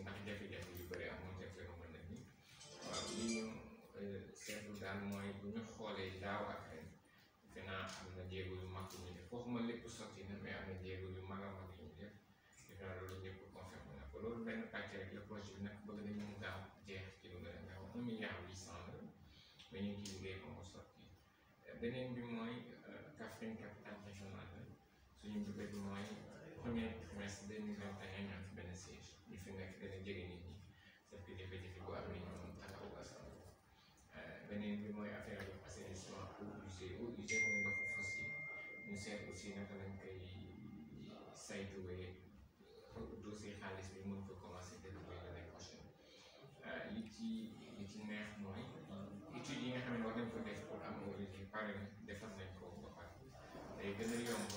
moom ay jafe-jafe amoon ca phénomène nag ni waaw li ñu seetlu daal mooy bu ñu xoolee daaw ak ren defe naa am na jéego yu mag yu ñu ma lépp sotti na mais am na jéego yu mag a mag yu ñu def defe naa loolu ñëpp confirmé na ko loolu benn pàcc rek le projet bi nag bëgg mu gaaw jeex ci lu gën a gaaw un milliard huit cent la mais ñu ngi ciy liggéey ba mu sotti beneen bi mooy Kaffrine capital régional la suñu bëgg mooy premier trimestre deux mille vingt et un ay jouer dossier xaalis bi mën ko commencé dérouler l'année prochaine euh, li ci li ci neex mooy études yi nga xam ne war nañ ko pour am wala ji pare defar nañ ko ba pare day gën a yomb